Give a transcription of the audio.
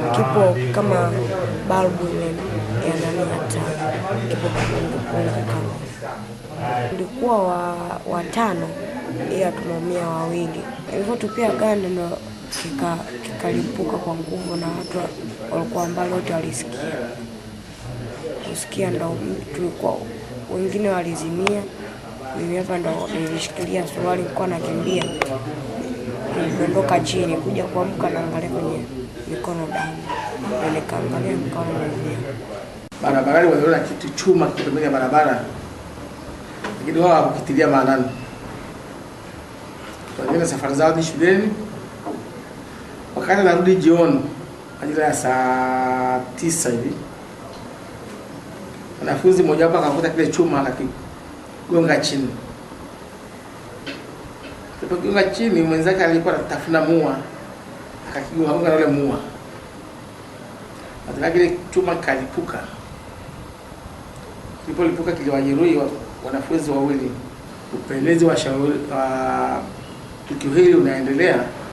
kipo kama balbu ya nani hata kipo kama ulikuwa wa watano ila tumeumia wawili, ilivyotupia ganda ndo kikalipuka kika kwa nguvu, na watu walikuwa mbali wote walisikia kusikia, ndo tulikuwa wengine walizimia. Mimi hapa ndo nilishikilia suruali, nilikuwa nakimbia, nilidondoka chini, kuja kuamka naangalia kwenye mikono damu, nikaangalia mikono mwenyewe barabarani, waliona kitu chuma kipembeni ya barabara, lakini wao hawakitilia maanani. Wengine safari zao ni shuleni, wakati narudi jioni majira ya saa tisa hivi, wanafunzi mmoja wapo akakuta kile chuma akigonga chini. Kigonga chini, mwenzake alikuwa anatafuna mua kakianguka yule mua, atina kile chuma kalipuka. lipuka kiliwajeruhi wa, wanafunzi wawili. upelezi wa, wa tukio hili unaendelea.